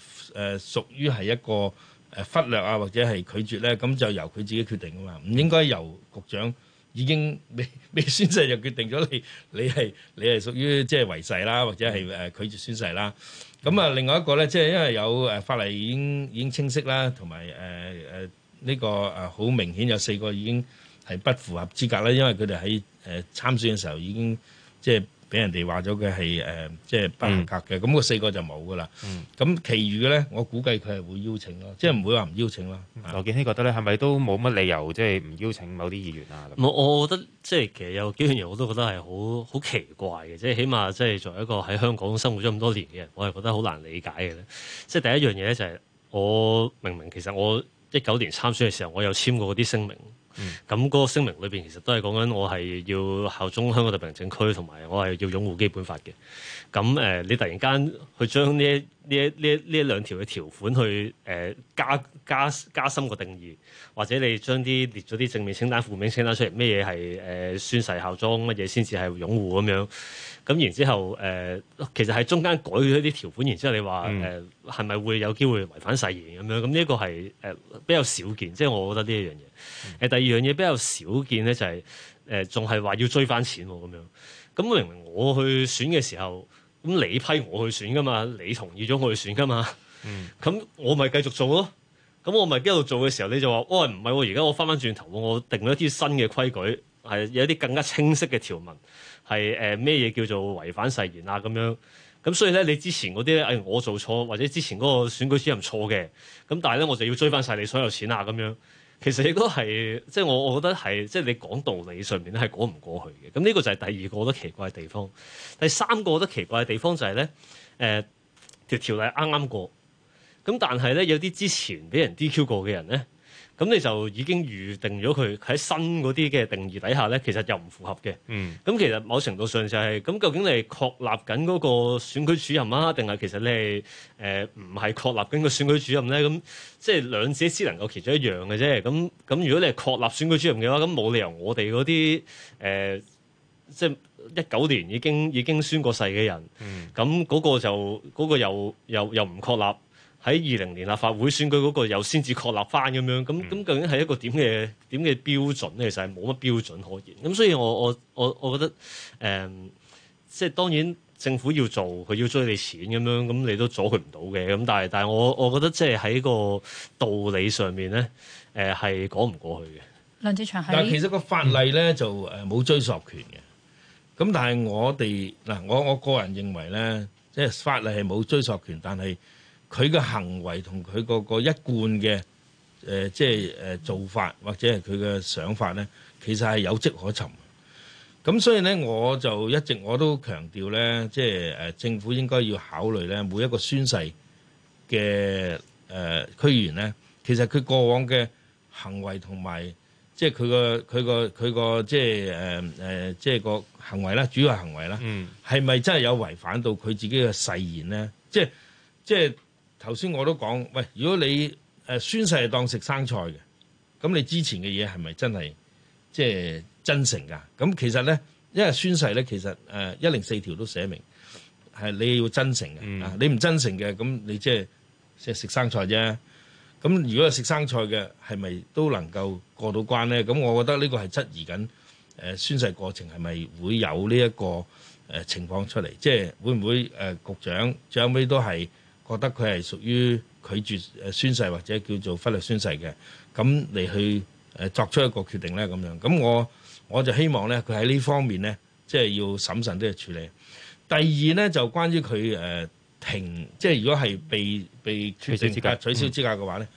Speaker 5: 屬於係一個？誒忽略啊，或者係拒絕咧，咁就由佢自己決定啊嘛，唔應該由局長已經未未宣誓就決定咗你，你係你係屬於即係違誓啦，或者係誒拒絕宣誓啦。咁啊，另外一個咧，即係因為有誒法例已經已經清晰啦，同埋誒誒呢個誒好明顯有四個已經係不符合資格啦，因為佢哋喺誒參選嘅時候已經即係。就是俾人哋話咗佢係誒，即係不合格嘅，咁個四個就冇噶啦。咁，嗯、其餘嘅咧，我估計佢係會邀請咯，即係唔會話唔邀請咯。嗯、羅健熙覺得咧，係咪都冇乜理由即係唔
Speaker 4: 邀請某啲議員啊？冇，我覺得即係其實有幾樣嘢我都覺得係好好奇怪嘅，即係起碼即係作為一個喺香港生活咗咁多年嘅人，我係覺得好難理解嘅咧。即係第一樣嘢咧、就是，就係我明明其實我一九年參選嘅時候，我有簽過嗰啲聲明。咁、嗯嗰個聲明裏邊其實都係講緊我係要效忠香港特別行政區，同埋我係要擁護基本法嘅。咁、呃、你突然間去將呢一呢一呢一,一兩條嘅條款去、呃、加加加深個定義，或者你將啲列咗啲正面清單、負面清單出嚟，咩嘢係宣誓效忠，乜嘢先至係擁護咁樣？咁然之後，誒、呃、其實係中間改咗一啲條款，然之後你話誒係咪會有機會違反誓言咁樣？咁呢個係、呃、比較少見，即、就、係、是、我覺得呢一樣嘢。誒、嗯、第二樣嘢比較少見咧，就係誒仲係話要追翻錢喎咁樣。咁明明我去選嘅時候，咁你批我去選噶嘛？你同意咗我去選噶嘛？咁、嗯、我咪繼續做咯。咁我咪一路做嘅時候，你就話，哇、哦，唔係喎，而家我翻翻轉頭，我定咗一啲新嘅規矩。係有一啲更加清晰嘅條文，係誒咩嘢叫做違反誓言啊咁樣，咁所以咧你之前嗰啲咧，誒、哎、我做錯或者之前嗰個選舉主任錯嘅，咁但係咧我就要追翻晒你所有錢啊咁樣，其實亦都係即係我我覺得係即係你講道理上面咧係講唔過去嘅，咁呢個就係第二個我覺得奇怪嘅地方。第三個我覺得奇怪嘅地方就係咧誒條條例啱啱過，咁但係咧有啲之前俾人 DQ 過嘅人咧。咁你就已經預定咗佢喺新嗰啲嘅定義底下咧，其實又唔符合嘅。咁其實某程度上就係、是、咁，究竟你係確立緊嗰個選舉主任啊，定係其實你係誒唔係確立緊個選舉主任咧？咁即係兩者只能夠其中一樣嘅啫。咁咁，如果你係確立選舉主任嘅話，咁冇理由我哋嗰啲誒即係一九年已經已經宣過誓嘅人，咁、嗯、嗰個就嗰、嗰個又又又唔確立，喺二零年立法會選舉嗰個又先至確立翻咁樣，咁咁究竟係一個點嘅點嘅標準呢？其實係冇乜標準可言。咁所以我我我我覺得誒、嗯，即係當然政府要做，佢要追你錢咁樣，咁你都阻佢唔到嘅。咁但係但係我我覺得即係喺個道理上面咧，誒係講唔過去嘅。
Speaker 3: 梁志祥，但其實
Speaker 5: 個法例咧、嗯、就誒冇追溯權嘅。咁但係我哋嗱，我我個人認為咧，即係法例係冇追溯權，但係，佢嘅行為同佢嗰個一貫嘅誒，即係誒做法或者係佢嘅想法咧，其實係有跡可尋。咁所以咧，我就一直我都強調咧，即係誒政府應該要考慮咧，每一個宣誓嘅誒區議員咧，其實佢過往嘅行為同埋即係佢個佢個佢個即係誒誒即係個行為啦，主要行為啦，嗯，係咪真係有違反到佢自己嘅誓言咧？即係即係。頭先我都講，喂，如果你誒宣誓係當食生菜嘅，咁你之前嘅嘢係咪真係即係真誠㗎？咁其實咧，因為宣誓咧，其實誒一零四條都寫明係你要真誠嘅、嗯啊，你唔真誠嘅，咁你即係食生菜啫。咁如果係食生菜嘅，係咪都能夠過到關咧？咁我覺得呢個係質疑緊誒宣誓過程係咪會有呢一個誒情況出嚟？即係會唔會誒、呃、局長最後尾都係？覺得佢係屬於拒絕宣誓或者叫做忽略宣誓嘅，咁你去誒、呃、作出一個決定咧咁樣。咁我我就希望咧，佢喺呢方面咧，即係要審慎啲去處理。第二咧就關於佢誒、呃、停，即係如果係被被取消資格取消資格嘅話咧，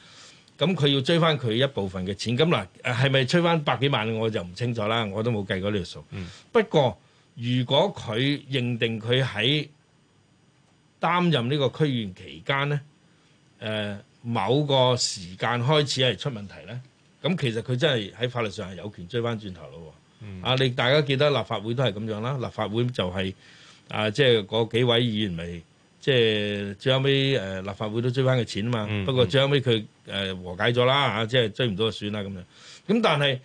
Speaker 5: 咁、嗯、佢要追翻佢一部分嘅錢。咁嗱，係咪追翻百幾萬，我就唔清楚啦，我都冇計過呢條數。嗯、不過如果佢認定佢喺擔任呢個區議員期間咧、呃，某個時間開始係出問題咧，咁其實佢真係喺法律上係有權追翻轉頭咯、啊嗯。啊你大家記得立法會都係咁樣啦，立法會就係、係、啊即係嗰幾位議員咪即係最後尾、呃、立法會都追翻佢錢啊嘛、嗯嗯。不過最後尾佢、呃、和解咗啦即係、啊就是、追唔到就算啦咁樣咁，但係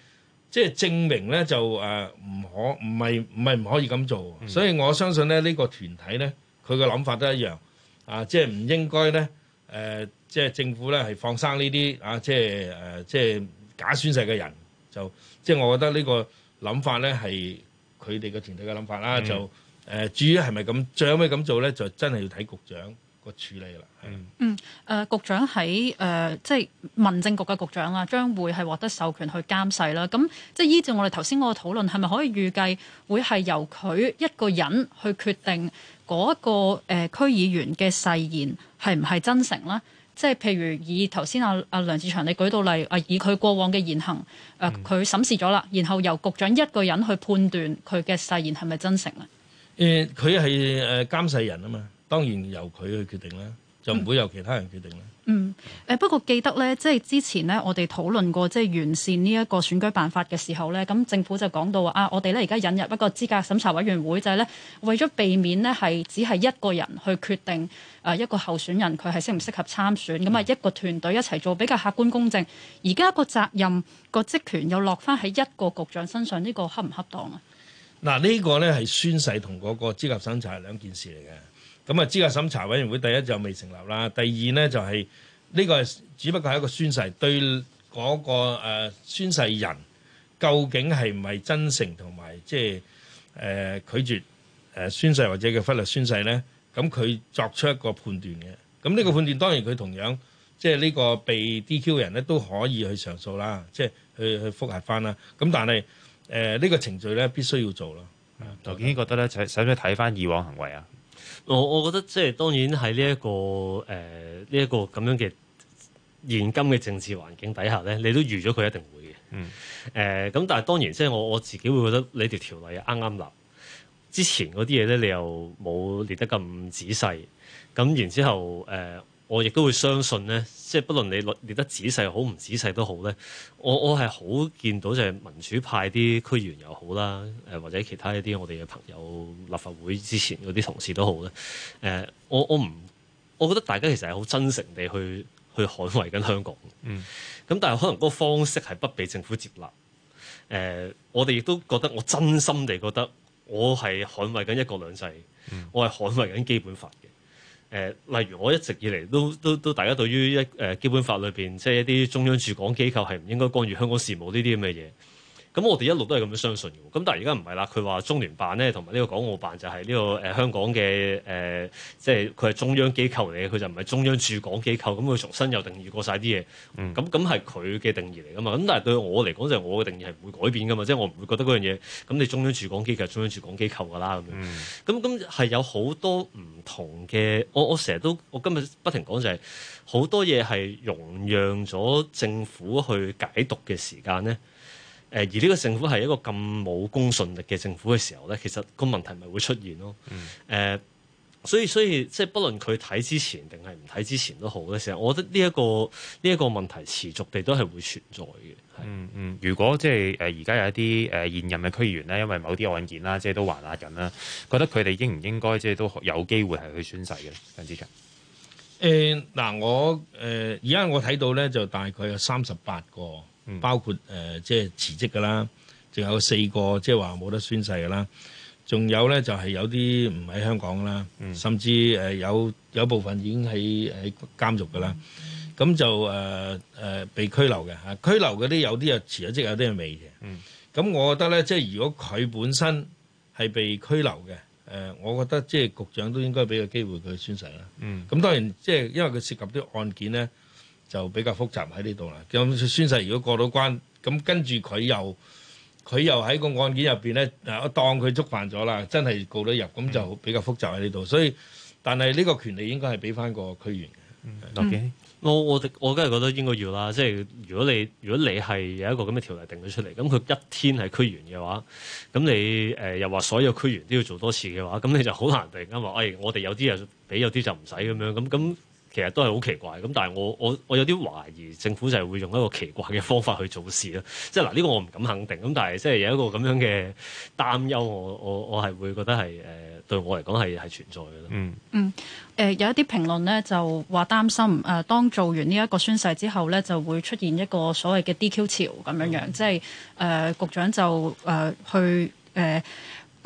Speaker 5: 即係證明咧就唔、啊、可唔係唔係唔可以咁做、嗯，所以我相信咧呢、呢個團體咧。佢嘅諗法都一樣，啊，即係唔應該咧，誒、呃，即係政府咧係放生呢啲啊，即係誒、呃，即係假宣誓嘅人，就即係我覺得這個想呢個諗法咧係佢哋個團隊嘅諗法啦，嗯、就誒、呃，至於係咪咁，最尾咁做咧，就真係要睇局長個處理啦。嗯，
Speaker 3: 嗯，呃、局長喺誒、呃，即係民政局嘅局長啦，將會係獲得授權去監誓啦。咁即係依照我哋頭先嗰個討論，係咪可以預計會係由佢一個人去決定？嗰、那、一個誒、呃、區議員嘅誓言係唔係真誠呢？即係譬如以頭先阿阿梁志祥你舉到例，啊以佢過往嘅言行，誒、呃、佢審視咗啦，然後由局長一個人去判斷佢嘅誓言係咪真誠啊？誒、
Speaker 5: 呃，佢係誒監誓人啊嘛，當然由佢去決定啦。就唔會由其他人決定
Speaker 3: 咧。嗯，誒不過記得呢，即係之前呢，我哋討論過即係完善呢一個選舉辦法嘅時候呢，咁政府就講到話啊，我哋呢而家引入一個資格審查委員會，就係呢，為咗避免呢，係只係一個人去決定誒一個候選人佢係適唔適合參選，咁、嗯、啊一個團隊一齊做比較客觀公正。而家個責任個職權又落翻喺一個局長身上，呢個恰唔恰當啊？
Speaker 5: 嗱，呢個呢，係宣誓同嗰個資格審查係兩件事嚟嘅。咁啊，資格審查委員會第一就未成立啦，第二咧就係呢個只不過係一個宣誓，對嗰個宣誓人究竟係唔係真誠同埋即係誒拒絕誒宣誓或者嘅忽略宣誓咧，咁佢作出一個判斷嘅。咁呢個判斷當然佢同樣即係呢個被 DQ 人咧都可以去上訴啦，即係去去複核翻啦。咁但係誒呢個程序咧必須要做咯。陶健熙覺得咧，使唔使睇
Speaker 2: 翻以往行為啊？
Speaker 4: 我我覺得即係當然喺呢一個誒呢一個咁樣嘅現今嘅政治環境底下咧，你都預咗佢一定會嘅。誒、嗯、咁、呃，但係當然即係我我自己會覺得你條條例啱啱立之前嗰啲嘢咧，你又冇列得咁仔細。咁然之後誒。呃我亦都會相信呢，即係不論你落列得仔細好唔仔細都好呢，我我係好見到就係民主派啲區議員又好啦，或者其他一啲我哋嘅朋友立法會之前嗰啲同事都好呢，我我唔，我覺得大家其實係好真誠地去去捍衞緊香港，咁但係可能嗰個方式係不被政府接納，我哋亦都覺得我真心地覺得我係捍衞緊一國兩制，我係捍衞緊基本法嘅。誒，例如我一直以來都都都，都大家對於一誒、呃、基本法裏面，即係一啲中央駐港機構係唔應該干預香港事務呢啲咁嘅嘢。咁我哋一路都係咁樣相信嘅。咁但係而家唔係啦。佢話中聯辦咧，同埋呢個港澳辦就係呢、呢個誒、呃、香港嘅誒、呃，即係佢係中央機構嚟嘅，佢就唔係中央駐港機構。咁佢重新又定義過晒啲嘢。咁咁係佢嘅定義嚟噶嘛？咁但係對我嚟講就係我嘅定義係唔會改變噶嘛。即、就、係、係、我唔會覺得嗰樣嘢。咁你中央駐港機構，中央駐港機構噶啦咁樣。咁咁係有好多唔同嘅。我我成日都我今日不停講就係、係、好多嘢係容讓咗政府去解讀嘅時間咧。誒而呢個政府係一個咁冇公信力嘅政府嘅時候咧，其實個問題咪會出現咯。誒、嗯呃，所以所以即係，不論佢睇之前定係唔睇之前都好咧，成日我覺得呢、這、一個呢一、這個問題持續地都係會存在
Speaker 2: 嘅。嗯嗯，如果即係誒而家有一啲誒、呃、現任嘅區議員咧，因為某啲案件啦，即係都還押緊啦，覺得佢哋應唔應該即係都有機會係去宣誓嘅咧？鄧志強
Speaker 5: 誒嗱，我誒而家我睇到咧，就大概有三十八個。包括誒、呃、即係辭職嘅啦，仲有四個即係話冇得宣誓嘅啦，仲有咧就係、是、有啲唔喺香港啦、嗯，甚至、呃、有有部分已經喺喺監獄嘅啦，咁就誒、呃呃、被拘留嘅嚇，拘留嗰啲有啲又辭咗職，有啲又未嘅。咁、嗯、我覺得咧，即係如果佢本身係被拘留嘅、呃，我覺得即係局長都應該俾個機會佢宣誓啦。咁、嗯、當然即係因為佢涉及啲案件咧。就比較複雜喺呢度啦。咁宣誓如果過到關，咁跟住佢又佢又喺個案件入面咧，啊當佢觸犯咗啦，真係告得入，咁就比較複雜喺呢度。所以，但係呢個權利應該係俾翻個區員。嘅、嗯。建、
Speaker 4: 嗯，我我我梗係覺得應該要啦。即係如果你如果你係有一個咁嘅條例定咗出嚟，咁佢一天係區員嘅話，咁你、呃、又話所有區員都要做多次嘅話，咁你就好難定。因為、哎、我哋有啲就俾，有啲就唔使咁樣咁咁。其實都係好奇怪咁，但係我我我有啲懷疑，政府就係會用一個奇怪嘅方法去做事啦。即係嗱，呢、這個我唔敢肯定。咁但係即係有一個咁樣嘅擔憂，我我我係會覺得係誒對我嚟講係係存在嘅咯。嗯
Speaker 3: 嗯誒、呃，有一啲評論呢，就話擔心誒、呃，當做完呢一個宣誓之後呢，就會出現一個所謂嘅 DQ 潮咁樣樣，嗯、即係誒、呃、局長就誒、呃、去誒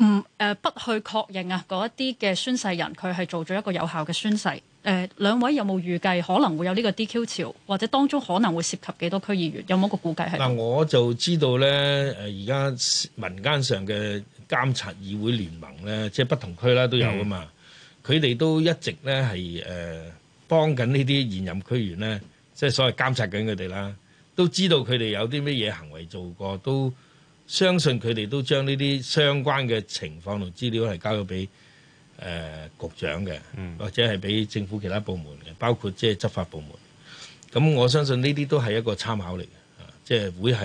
Speaker 3: 唔誒不去確認啊嗰一啲嘅宣誓人佢係做咗一個有效嘅宣誓。誒兩位有冇預計可能會有呢個 DQ 潮，或者當中可能會涉及幾多區議員？有冇一個估計係？嗱，
Speaker 5: 我就知道咧，誒而家民間上嘅監察議會聯盟咧，即係不同區啦都有噶嘛，佢哋都一直咧係誒幫緊呢啲現任區員咧，即係所謂監察緊佢哋啦，都知道佢哋有啲乜嘢行為做過，都相信佢哋都將呢啲相關嘅情況同資料係交咗俾。誒、呃、局長嘅，或者係俾政府其他部門嘅，包括即係執法部門。咁我相信呢啲都係一個參考嚟嘅，即、就、係、是、會係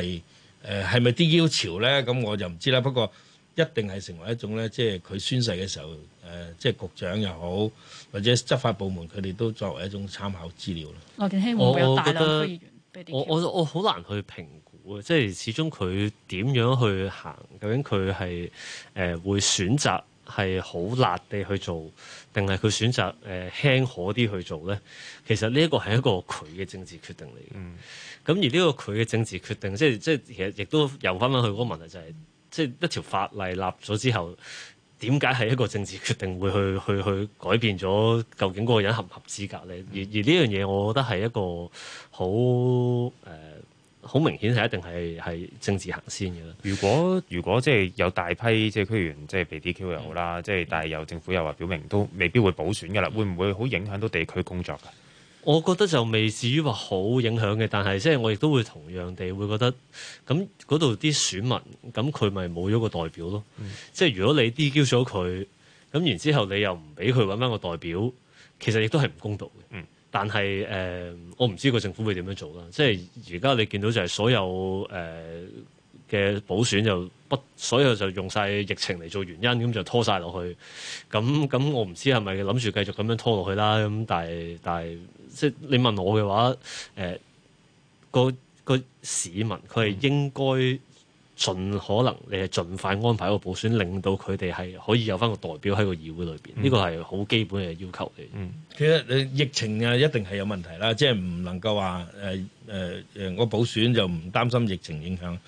Speaker 5: 誒係咪啲要求咧？咁、呃、我就唔知啦。不過一定係成為一種咧，即係佢宣誓嘅時候，誒即係局長又好，或者執法部門佢哋都作為一種參考資料啦。我，我覺得
Speaker 4: 我我我好難
Speaker 5: 去評估，即係始終佢
Speaker 4: 點樣去行，究竟佢係誒會選擇。係好辣地去做，定係佢選擇誒輕可啲去做咧？其實呢一個係一個佢嘅政治決定嚟嘅。咁、嗯、而呢個佢嘅政治決定，即係即係其實亦都又翻返去嗰個問題、就係，就、嗯、係即係一條法例立咗之後，點解係一個政治決定會去去去，去改變咗究竟嗰個人合唔合資格咧、嗯？而而呢樣嘢，我覺得係一個好誒。呃好明顯係一定係係政治行先嘅啦。如果如果即係有大批即係、就是、區議員即係被 DQ 又、嗯、好啦，即係但係由政府又話表明都未必會補選嘅啦、嗯，會唔會好影響到地區工作㗎？我覺得就未至於話好影響嘅，但係即係我亦都會同樣地會覺得咁嗰度啲選民咁佢咪冇咗個代表咯。嗯、即係如果你 DQ 咗佢，咁然後之後你又唔俾佢揾翻個代表，其實亦都係唔公道嘅。嗯但係誒、呃，我唔知個政府會點樣做啦。即係而家你見到就係所有誒嘅、呃、補選就不，所有就用晒疫情嚟做原因，咁就拖晒落去。咁咁我唔知係咪諗住繼續咁樣拖落去啦。咁但係但係，即係你問我嘅話，誒個個市民佢係應該。盡可能你係盡快安排個補選，令到佢哋係可以有翻個代表喺個議會裏面。呢個係好基本嘅要求嚟。嗯，
Speaker 5: 其實你疫情啊，一定係有問題啦。即係唔能夠話、呃呃、我補選就唔擔心疫情影響。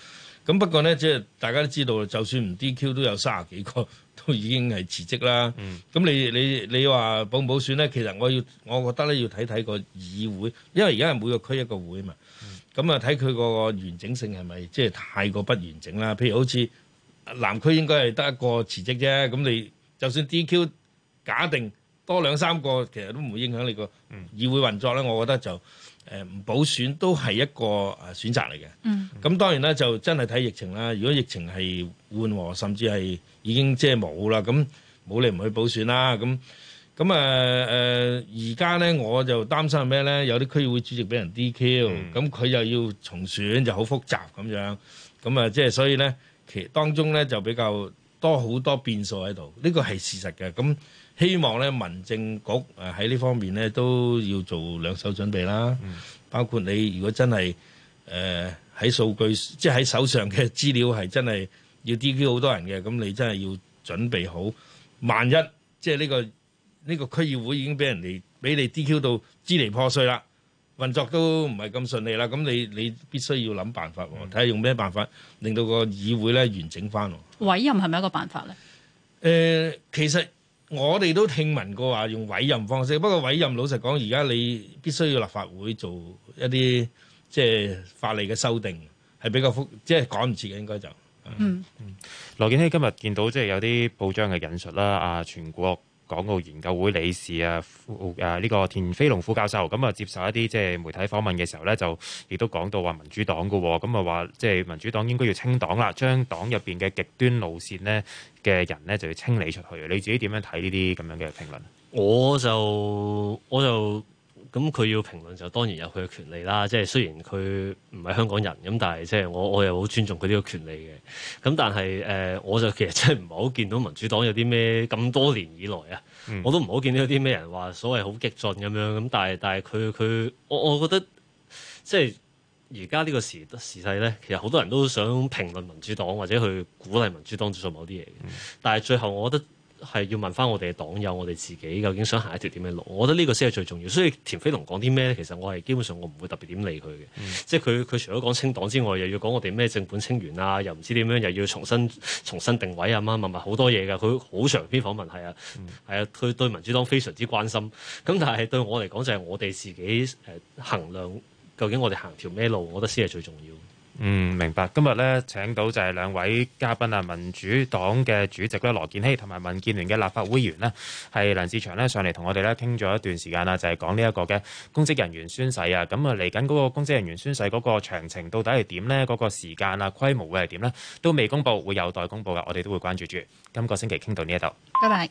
Speaker 5: 咁不過咧，即係大家都知道，就算唔 DQ 都有卅幾個都已經係辭職啦。咁、嗯、你你你話補唔補選咧？其實我要，我覺得咧要睇睇個議會，因為而家係每個區一個會嘛。咁啊，睇佢個完整性係咪即係太過不完整啦？譬如好似南區應該係得一個辭職啫，咁你就算 DQ 假定多兩三個，其實都唔會影響你個議會運作咧。嗯、我覺得就誒唔補選都係一個誒選擇嚟嘅。咁、嗯、當然啦，就真係睇疫情啦。如果疫情係緩和，甚至係已經即係冇啦，咁冇你唔去補選啦。咁咁啊，誒，而家咧我就擔心係咩咧？有啲區議會主席俾人 DQ，咁、嗯、佢又要重選就好複雜咁樣。咁啊，即係所以咧，其當中咧就比較多好多變數喺度，呢個係事實嘅。咁希望咧，民政局誒喺呢方面咧都要做兩手準備啦、嗯。包括你如果真係誒，喺數據即係喺手上嘅資料係真係要 DQ 好多人嘅，咁你真係要準備好，萬一即係呢個。呢、這個區議會已經俾人哋俾你 DQ 到支離破碎啦，運作都唔係咁順利啦。咁你你必須要諗辦法喎，睇下用咩辦法令到個議會咧完整返喎。
Speaker 3: 委任係咪一個辦法咧？
Speaker 5: 誒、呃，其實我哋都聽聞過話用委任方式，不過委任老實講，而家你必須要立法會做一啲即係法例嘅修訂，係比較複，即係趕唔切嘅，應該就嗯。
Speaker 2: 羅、嗯、健熙今日見到即係有啲報章嘅引述啦，啊，全國。港澳研究會理事啊，副啊呢個田飛龍副教授咁啊，接受一啲即係媒體訪問嘅時候咧，就亦都講到話民主黨嘅，咁啊話即係民主黨應該要清黨啦，將黨入邊嘅極端路線呢嘅人呢，就要清理出去。你自己點樣睇呢
Speaker 4: 啲咁樣嘅評論？我就我就。咁佢要評論就當然有佢嘅權利啦，即係雖然佢唔係香港人，咁但係即係我我又好尊重佢呢個權利嘅。咁但係誒、呃，我就其實真係唔係好見到民主黨有啲咩咁多年以來啊、嗯，我都唔好見到有啲咩人話所謂好激進咁樣。咁但係但係佢佢，我我覺得即係而家呢個時時勢咧，其實好多人都想評論民主黨或者去鼓勵民主黨做某啲嘢、嗯，但係最後我覺得。係要問翻我哋黨友，我哋自己究竟想行一條點嘅路？我覺得呢個先係最重要。所以田飛龍講啲咩咧？其實我係基本上我唔會特別點理佢嘅、嗯，即係佢佢除咗講清黨之外，又要講我哋咩正本清源啊，又唔知點樣，又要重新重新定位啊，嘛，問埋好多嘢嘅。佢好長篇訪問係啊，係、嗯、啊，佢對民主黨非常之關心。咁但係對我嚟講就係我哋自己誒衡、呃、量究竟我哋行條咩路，我覺得先係最重要。嗯，明白。今日咧請到
Speaker 2: 就係兩位嘉賓啊，民主黨嘅主席咧羅健熙，同埋民建聯嘅立法會議員咧，係梁志祥呢，上嚟同我哋咧傾咗一段時間啊，就係講呢一個嘅公職人員宣誓啊。咁啊，嚟緊嗰個公職人員宣誓嗰個詳情到底係點呢？嗰個時間啊，規模會係點呢？都未公布，會有待公布噶。我哋都會關注住。今個星期傾到呢一度，
Speaker 5: 拜拜。